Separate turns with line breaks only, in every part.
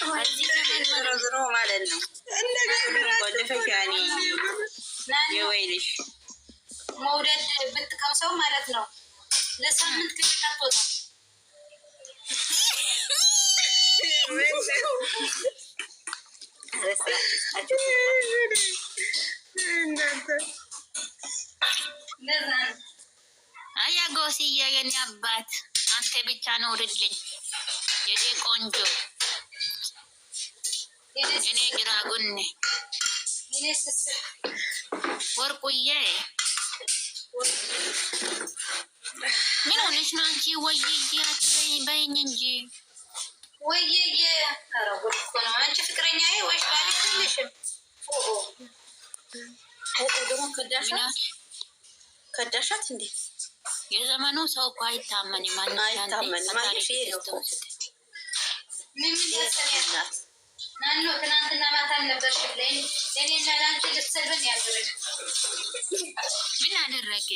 እዚህ
ዝሮ ማለት ነው
መውደድ ብትቀምሰው ማለት ነው ለሳምንት ክፍል አትወጣም። የኔ አባት አንተ ብቻ ነው ውርድልኝ የኔ ቆንጆ እኔ ግራ ጎኔ ወርቁዬ ምን ሆነሽ ነው አንቺ? ወይዬ አትበይኝ በይኝ እንጂ ወይዬ። አንቺ ፍቅረኛዬ ወይስ ባልሽም ደግሞ ከዳሻት እንዴ! የዘመኑ ሰው እኮ አይታመንም። አይታመንም? ማን ነው ምን ምን ያሰኛላት ናኖ ትናንትና ማታ አልነበርሽም? ለእኔ እና ለአንቺ ልትሰድበን ያደረግ ምን አደረገ?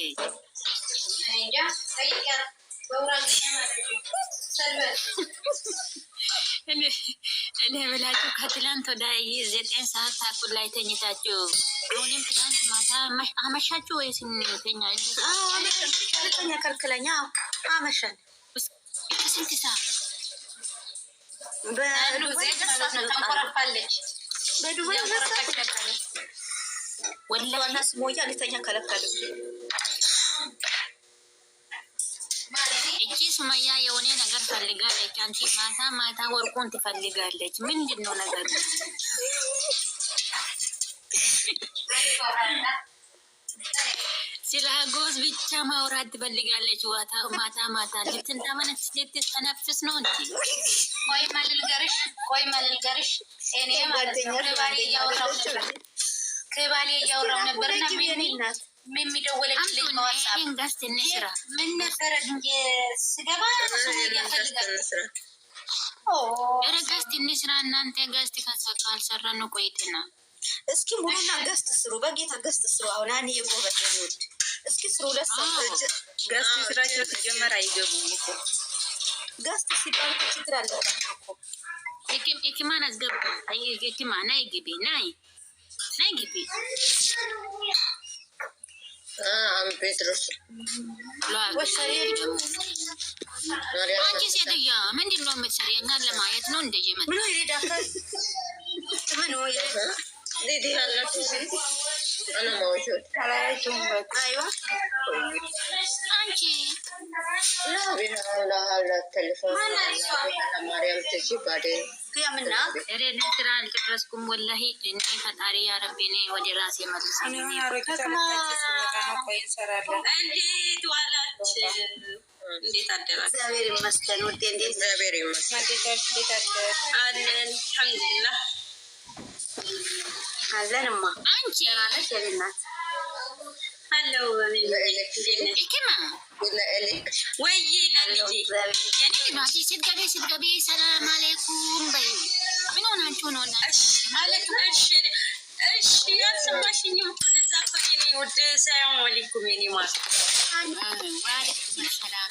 እኔ ብላችሁ ከትላንት ወደ ዘጠኝ ሰዓት ተኩል ላይ ተኝታችሁ አሁንም ትላንት ማታ አመሻችሁ ወይ ስንተኛ ተኛ ከልክለኛ አመሻል ስንት ሰዓት ወላሂ ስሞያ ልተኛ እቺ ሱመያ የሆነ ነገር ፈልጋለች። አንቺ ማታ ማታ ወርቁን ትፈልጋለች። ምንድን ነው ነገር ስለ አጎስ ብቻ ማውራት ትፈልጋለች። ዋታ ማታ ማታ ልትንታመነች ልትተነፍስ ነው እንጂ ቆይ መልልገርሽ ቆይ መልልገርሽ እኔ ማለት ነው ከባሌ እያወራሁ ነበር ከባሌ እያወራሁ ነበርና የሚደወለችልኝ ምን ነበረ ስገባ ያፈልጋል ኧረ ጋዝ ትንሽ ስራ እናንተ ጋዝ ካልሰራ ነው ቆይትና እስኪ ሙሉና ገስት ስሩ፣ በጌታ ገስት ስሩ። አሁን አን የጎበዝ የሚወድ እስኪ ስሩ። ሁለት ገስት ስራቸው ሲጀመር አይገቡም ገስት ሲባል ችግር አለ። ኢኪማን አስገባ። ኢኪማ ናይ ግቢ፣ ናይ ናይ ግቢ አንቺ ሴትዮ ምንድን ነው የምትሰሪ? እኛን ለማየት ነው እንደየመጣ
ዲዲ ያላችሁ ሴት
አለማዎቹት ፈጣሪ ያረቤ ኔ ወደ ራሴ አለንማ አንቺ ናነሽ የሌናት አለው ወይ ስትገቢ ስትገቢ ሰላም አለይኩም በይ። ምን ሆናችሁ ነው? እሺ ያልሰማሽኝም እዛ ውድ ሰላም አለይኩም የኔ ማለት ሰላም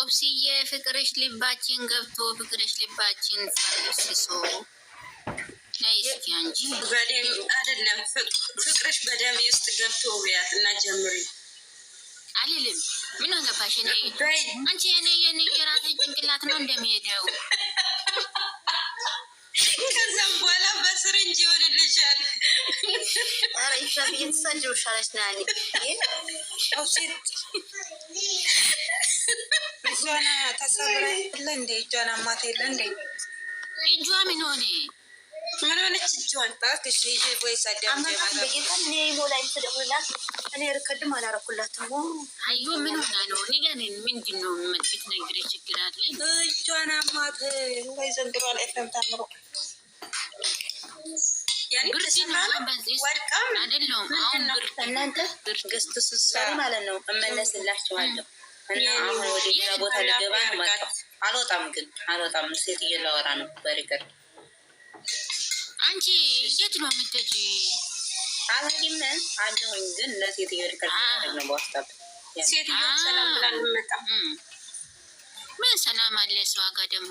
ኦፕሲዬ ፍቅርሽ ልባችን ገብቶ ፍቅርሽ ልባችን ፈልስሶ ነይስኪንጂ
በደም አይደለም ፍቅርሽ በደም ውስጥ ገብቶ
ብያት እና ጀምሪ አልልም። ምን አገባሽ? አንቺ የኔ የኔ የራሴ ጭንቅላት ነው እንደሚሄደው። ከዛም በኋላ በስርንጅ ይሆንልሻል። ኧረ ይሻልሽ ናኒ ኦፕሲ እጇን ተሰብራ የለ እጇን አማት የለ እንደ እጇ ምን ሆነ? ምን ሆነች? እጇን እባክሽ እኔ ርከድም አላረኩላትም። አዩ ምን ሆና ነው? ንገሪን። ምንድን ነው ብትነግሪኝ ችግር አለ? እጇን አማት ወይ ዘንድሮ አልኤፍሬም ታምሮ ወድቃም አይደለም።
አሁን ብር እናንተ ብር ገዝቶ ስትሰሪ ማለት ነው እመለስላችኋለሁ እና አሁን ወደ ሌላ ቦታ ልገባ መጣሁ። አልወጣም ግን አልወጣም። ሴትዬ ላወራ ነው በሪከርድ።
አንቺ የት ነው የምትሄጂው?
አልሄድም አለሁኝ፣ ግን ለሴትዬ
ሪከርድ ነው በዋትሳፕ ሴትዬ ሰላም ብላ ልመጣ። ምን ሰላም አለ ሰው ጋ ደግሞ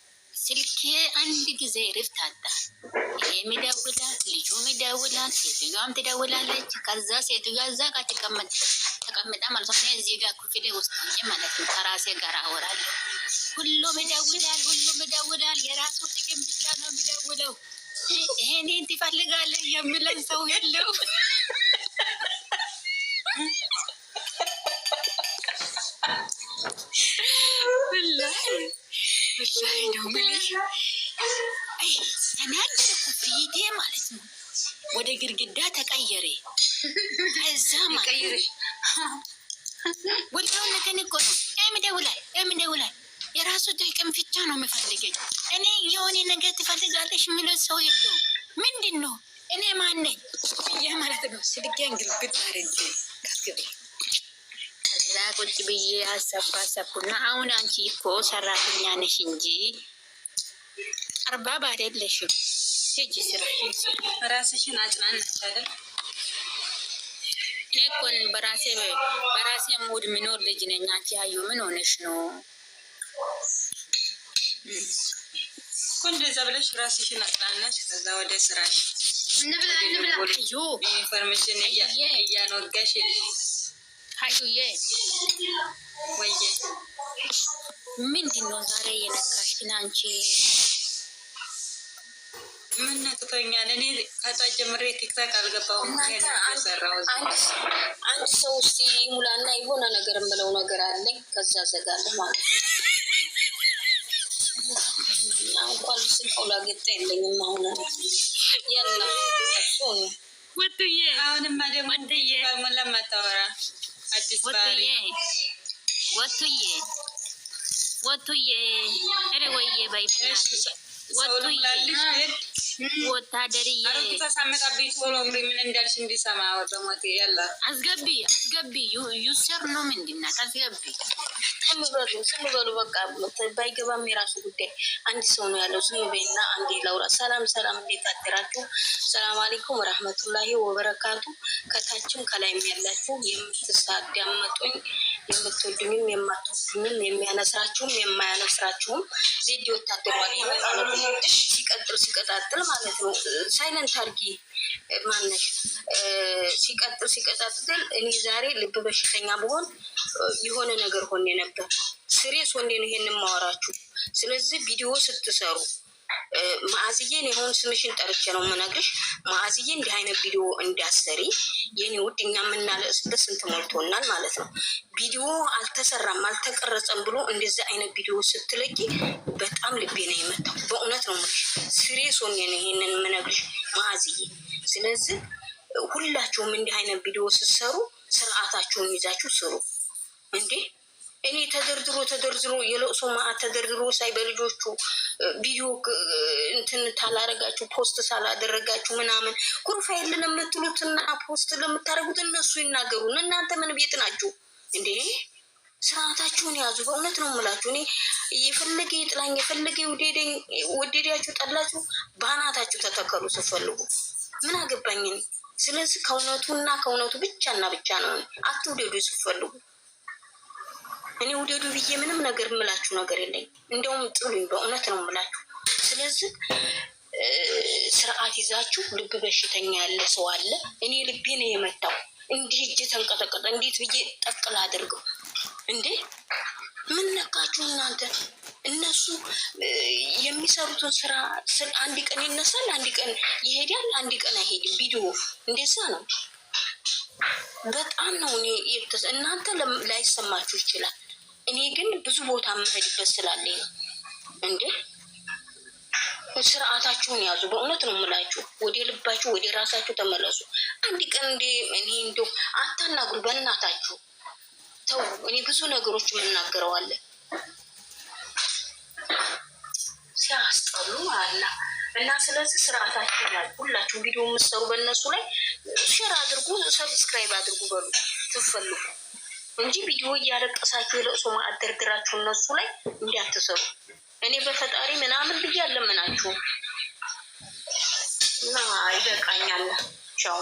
ስልኬ አንድ ጊዜ ርፍት አጣ። ይሄ የሚደውላል፣ ልጁ የሚደውላል፣ ሴትዮዋም ትደውላለች። ከዛ ሴትዮዋ እዛ ጋር ተቀምጣ ማለት ነው። እዚህ ጋር ክፍሌ ውስጥ እንጂ ማለት ነው ከራሴ ጋር አወራለሁ። ሁሉም ይደውላል፣ ሁሉም ይደውላል። የራሱ ጥቅም ብቻ ነው የሚደውለው። ይሄኔ ትፈልጋለህ የምለን ሰው የለው። ወላሂ ነው የምልሽ። ተናደደ ፊቴ ማለት ነው ወደ ግድግዳ ተቀየረ። ከዛ ወላሂ ነገን እኮ ነው የምደውላል የምደውላል የራሱ ጥቅም ብቻ ነው የምፈልገኝ። እኔ የሆነ ነገር ትፈልጋለሽ የሚለው ሰው የለውም። ምንድን ነው እኔ ማነኝ? ይህ ማለት ነው ስልኬን ግልብት አድርጌ ቁጭ ብዬ አሰብኩ አሰብኩና አሁን አንቺ እኮ ሰራተኛ ነሽ እንጂ አርባብ አይደለሽም። ሂጂ ስራ ራስሽን አጽናናሽ አይደል? እኔ እኮ በራሴ በራሴ ሙድ ምኖር ልጅ ነኝ። አንቺ ሀዩ ምን ሆነሽ ነው እንደዛ ብለሽ ራስሽን አጽናናሽ። ከዛ ወደ ስራሽ
እንብላ እንብላ ኢንፎርሜሽን እያኖጋሽ ሀዩዬ ወይዬ
ምንድን ነው ዛሬ የነካሽን አንቺ? ምን ነቅቶኛል? እኔ ከጧት ጀምሬ ቲክታክ አልገባሁም። አንድ ሰው እስቲ ሙላና የሆነ ነገር የምለው ነገር አለኝ፣ ከዛ ዘጋለሁ ማለት ነው። እንኳን ስልከው ላገጠ የለኝም አሁን ያላ ወትዬ አሁንማ ደግሞ ለማታወራ ወቱዬ ወቱዬ ኧረ ወይዬ በይ ወታደርዬ አስገቢ አስገቢ ዩሰር ነው ምንድን ናት አስገቢ ዝም በሉ ዝም በሉ በቃ ባይገባም የራሱ ጉዳይ። አንድ ሰው ነው ያለው። ዝም በይና አንዴ ላውራ። ሰላም ሰላም፣ እንዴት አደራችሁ? ሰላም አለይኩም ረህመቱላሂ ወበረካቱ። ከታችም ከላይም ያላችሁ የምትሳዳመጡኝ የምትወዱኝም የማትወዱኝም የሚያነስራችሁም የማያነስራችሁም ዜድ ወታደሯል ሲቀጥል ሲቀጣጥል ማለት ነው። ሳይለንት አርጊ ማነሽ ሲቀጥል ሲቀጣጥል እኔ ዛሬ ልብ በሽተኛ ብሆን የሆነ ነገር ሆኔ ነበር። ስሬስ ወንዴ ነው ይሄን ማወራችሁ። ስለዚህ ቪዲዮ ስትሰሩ ማዕዝዬን የሆን ስምሽን ጠርቼ ነው የምነግርሽ። ማዕዝዬ እንዲህ አይነት ቪዲዮ እንዳሰሪ የኔ ውድ፣ እኛ የምናለቅስበት ስንት ሞልቶናል ማለት ነው። ቪዲዮ አልተሰራም አልተቀረጸም ብሎ እንደዚህ አይነት ቪዲዮ ስትለቂ በጣም ልቤ ነው የመታው። በእውነት ነው የምልሽ፣ ስሬ ሶን ነው ይሄንን የምነግርሽ ማዕዝዬ። ስለዚህ ሁላችሁም እንዲህ አይነት ቪዲዮ ስትሰሩ ስርዓታችሁን ይዛችሁ ስሩ እንዴ እኔ ተደርድሮ ተደርድሮ የለቅሶ ማዕት ተደርድሮ ሳይ በልጆቹ ቪዲዮ እንትን ታላረጋችሁ ፖስት ሳላደረጋችሁ ምናምን ፕሮፋይል ለምትሉትና ፖስት ለምታደረጉት እነሱ ይናገሩ። እናንተ ምን ቤት ናችሁ እንዴ? ስርዓታችሁን ያዙ። በእውነት ነው የምላችሁ። እኔ የፈለገ ይጥላኝ የፈለገ ወደዳችሁ ጠላችሁ፣ በአናታችሁ ተተከሉ ስትፈልጉ። ምን አገባኝን። ስለዚህ ከእውነቱ እና ከእውነቱ ብቻና ብቻ ነው። አትውደዱ ስትፈልጉ እኔ ውደዱ ብዬ ምንም ነገር የምላችሁ ነገር የለኝ። እንደውም ጥሉኝ፣ በእውነት ነው የምላችሁ። ስለዚህ ስርዓት ይዛችሁ ልብ በሽተኛ ያለ ሰው አለ። እኔ ልቤ ነው የመታው። እንዲህ እጅ ተንቀጠቀጠ። እንዴት ብዬ ጠቅል አድርገው እንዴ! ምን ነካችሁ እናንተ? እነሱ የሚሰሩትን ስራ አንድ ቀን ይነሳል፣ አንድ ቀን ይሄዳል፣ አንድ ቀን አይሄድም። ቪዲዮ እንደዛ ነው። በጣም ነው እኔ እናንተ ላይሰማችሁ ይችላል። እኔ ግን ብዙ ቦታ መሄድበት ስላለኝ ነው። እንዴ ስርዓታችሁን ያዙ። በእውነት ነው የምላችሁ። ወደ ልባችሁ፣ ወደ ራሳችሁ ተመለሱ። አንድ ቀን እንዴ እኔ እንዲ አታናግሩ፣ በእናታችሁ ተው። እኔ ብዙ ነገሮች የምናገረዋለን ሲያስጠሉ አላ እና ስለዚህ ስርዓታችሁን ያዙ። ሁላችሁ ቪዲዮ የምትሰሩ በእነሱ ላይ ሼር አድርጉ፣ ሰብስክራይብ አድርጉ በሉ ትፈልጉ እንጂ ቪዲዮ እያለቀሳችሁ የለቅሶ ማዕደር ደርድራችሁ እነሱ ላይ እንዲያትሰሩ እኔ በፈጣሪ ምናምን ብዬ አለምናችሁ እና ይበቃኛል። ቻው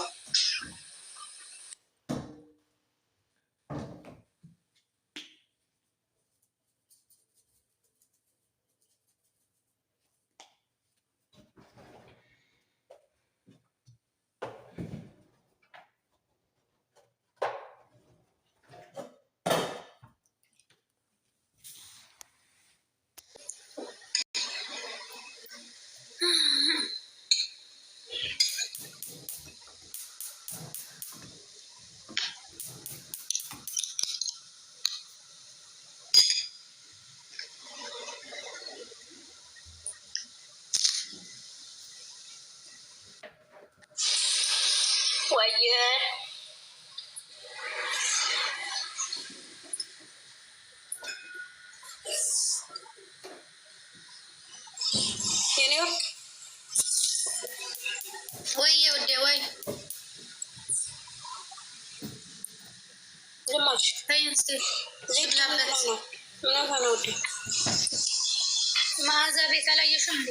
መዓዛ ቤት አላየሽም እንዴ?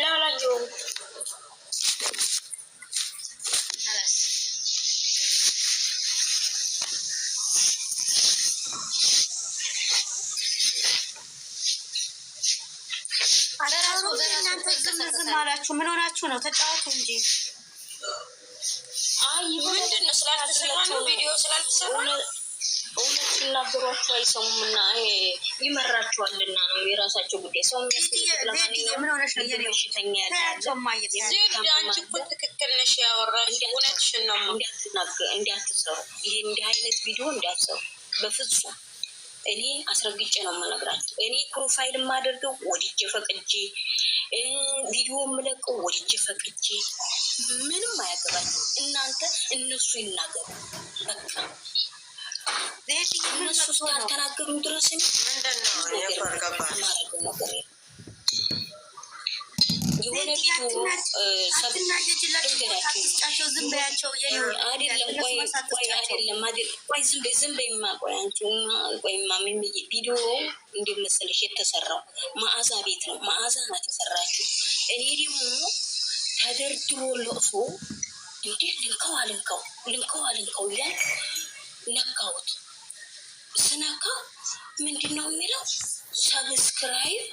ላላየሁም ዝም አላችሁ። ምን ሆናችሁ ነው? ተጫወቱ እንጂ። አይ ምንድን ነው ስላልተሰራ ነው ቪዲዮ ስላልተሰራ ነው ሲናገሯቸው አይሰሙም ይመራቸዋልና ነው የራሳቸው ጉዳይ። ሰው ምን እኮ ትክክል ነሽ ያወራሽ እውነትሽን ነው። እንዳትሰሩ ይሄ እንዲህ አይነት ቪዲዮ እንዳትሰሩ በፍጹም። እኔ አስረግጬ ነው የምነግራቸው። እኔ ፕሮፋይል የማደርገው ወድጄ ፈቅጄ፣ ቪዲዮ የምለቀው ወድጄ ፈቅጄ፣ ምንም አያገባቸው። እናንተ እነሱ ይናገሩ በቃ። እነሱ እስካልተናገሩ ድረስ የሆነ ቪዲዮ እንዴት የተሰራው መዓዛ ቤት ነው። መዓዛ ናት የሰራችው። እኔ ደግሞ ተደርድሮ ለቅሶ እንዴት ልንከው አልንከው ልንከው አልንከው እያል ነካሁት። ስነካ ምንድን ነው የሚለው? ሰብስክራይብ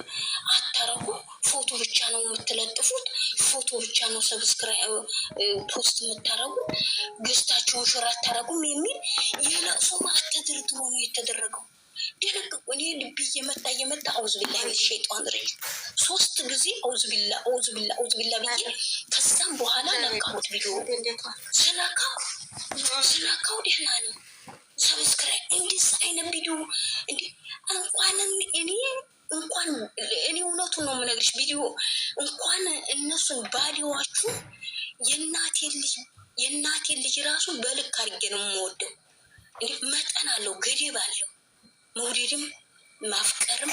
አታረጉ፣ ፎቶ ብቻ ነው የምትለጥፉት፣ ፎቶ ብቻ ነው ሰብስክራይብ ፖስት የምታረጉ ገዝታቸውን ሽር አታረጉም የሚል የለቅሶ ማር ተደርድሮ ነው የተደረገው። ደነገጥኩ እኔ ልብ እየመጣ እየመጣ አውዝ ቢላ ሸይጣን ረጅ ሶስት ጊዜ አውዝ ቢላ አውዝ ቢላ አውዝ ቢላ ብዬ ከዛም በኋላ ለቃሁት ቪዲዮ ስነካው ስነካው ደህና ነው ሰብስክራይብ እንዲስ አይነት ቪዲዮ እንዲ እንኳንም እኔ እንኳን እኔ እውነቱ ነው የምነግርሽ። ቪዲዮ እንኳን እነሱን ባዲዋችሁ የእናቴ ልጅ የእናቴ ልጅ ራሱ በልክ አድርጌ ነው የምወደው። እንዲ መጠን አለው፣ ገደብ አለው። መውደድም ማፍቀርም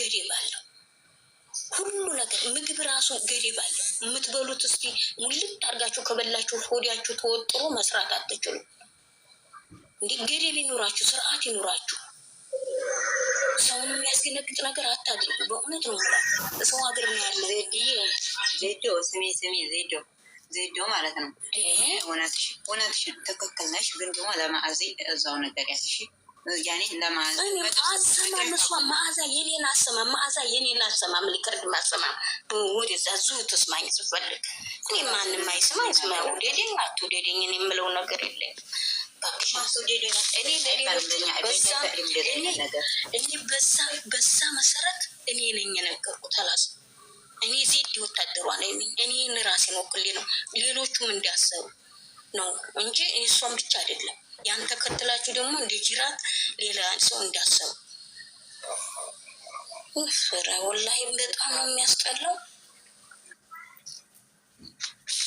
ገደብ አለው። ሁሉ ነገር ምግብ ራሱ ገደብ አለው። የምትበሉት እስቲ ሙልት አድርጋችሁ ከበላችሁ ሆዲያችሁ ተወጥሮ መስራት አትችሉም። እንደ ገደብ ይኑራችሁ፣ ስርዓት ይኑራችሁ። ሰውን የሚያስገነግጥ ነገር አታድርጉ። በእውነት ነው።
ሰው ሀገር ነው ያለ ዜዶ ስሜ ስሜ ዜዶ ዜዶ ማለት ነው። እውነትሽ ትክክል ነሽ፣ ግን ደግሞ ለማዕዚ እዛው
ነገር ያስሽ ያኔ ለማዕዚ ማዕዛ የኔን አሰማ ማዕዛ የኔን አሰማ ምልክርድ ማሰማ ወደዛ ዙ ስፈልግ እኔ ማንም አይስማ ይስማ ውደደኝ አትውደደኝ የምለው ነገር የለኝም። በዛ መሰረት እኔ ነኝ የነገርኩት። አላስ እኔ ዜድ ወታደሯ ነኝ። እኔን ራሴን ወክሌ ነው ሌሎቹም እንዲያሰሩ ነው እንጂ እሷም ብቻ አይደለም። ያን ተከትላችሁ ደግሞ እንደ ጅራት ሌላ ሰው እንዳሰቡ ወላሂ በጣም ነው የሚያስጠላው።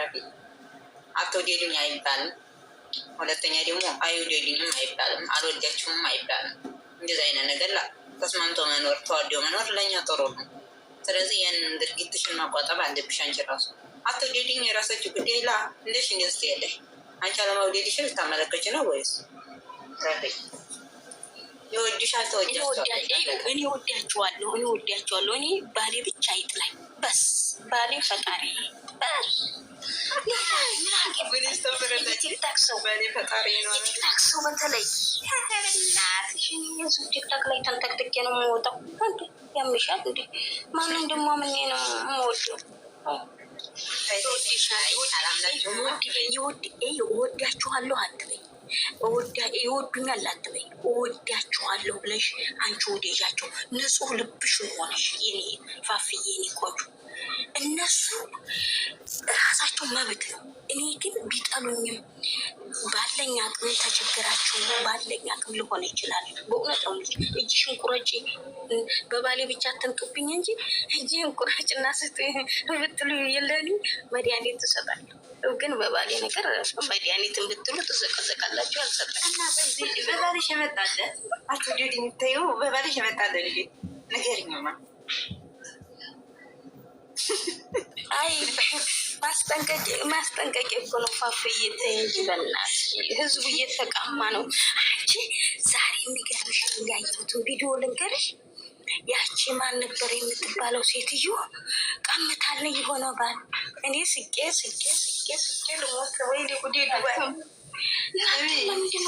ረቢ አትወደዱኝ አይባልም። ሁለተኛ ደግሞ አይወደዱኝም አይባልም፣ አልወዳችሁም አይባልም። እንደዚ አይነት ነገር ተስማምቶ መኖር ተዋዶ መኖር ለእኛ ጥሩ ነው። ስለዚህ ያንን ድርጊትሽን ማቋጠብ አለብሽ። አንቺ ራሱ አትወደዱኝ የራሳችሁ ጉዳይ ላ እንደሽ እንደስ ያለሽ አንቺ አለመውደድሽ ልታመለከች ነው ወይስ ረቢ እኔ ወዳቸዋለሁ፣
እኔ ወዳቸዋለሁ። እኔ ባሌ ብቻ ይጥላኝ በስ ባሌ ፈጣሪ በስ ቲክታክ እወዳችኋለሁ አትበይ፣ ይወዱኛል አትበይ። እወዳችኋለሁ ብለሽ አንቺ ወደያቸው ንጹህ ልብሽ ሆነሽ ፋፍዬ የኔ እነሱ ራሳቸው መብት። እኔ ግን ቢጠሉኝም ባለኝ አቅም ተቸግራቸው ባለኝ አቅም ልሆን ይችላል። በእውነት ነው ልጅ እጅሽን ቁረጭ በባሌ ብቻ አትንጡብኝ እንጂ እጅህን ቁረጭ እና ስት ብትሉ የለኒ መድኃኒት ትሰጣለሁ። ግን በባሌ ነገር መድኃኒትን ብትሉ ትዘቀዘቃላችሁ። አልሰጠ እና የመጣለ አቶ ዲድ የሚታየው በባልሽ የመጣለ ልጅ ነገርኛማ አይ ማስጠንቀቂያ እኮ ነው። ፋፍ እየተኝ እንጂ በእናትሽ ህዝቡ እየተቃማ ነው። አንቺ ዛሬ የሚገርምሽ ያየሁትን ቪዲዮ ልንገርሽ። ያቺ ማን ነበር የምትባለው ሴትዮ ቀምታለኝ የሆነ ባል እኔ ስቄ ስቄ ስቄ ስቄ ልሞት ወይ
ሊጉዴ ዱባይ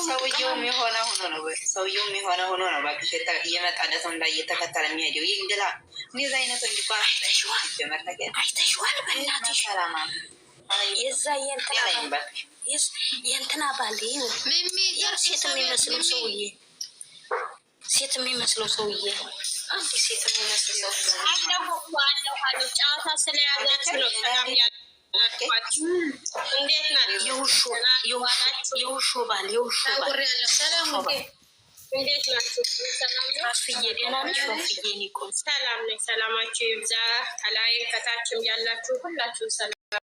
ሰውየውም የሆነ ሆኖ ነው። ሰውየውም የሆነ ሆኖ ነው። እየመጣ ለሰው
እንዳየተከተለ የሚሄደው ይህ እንግላ እንደዛ አይነቱ እንዲባል አይተሽዋል፣
አይተሽዋል። በእናትሽ
የዛ የእንትና ባል ሴት የሚመስለው ሰውዬ ሴት የሚመስለው ሰውዬ ሴት የሚመስል ሰው የውሾ ባል የውሾ ባል እንዴት ናችሁ? ሰላም ነው። ደህና ነሽ? ሰላም ነኝ። ሰላማችሁ ይብዛ። ከላይ ከታችም ያላችሁ ሁላችሁ ሰላም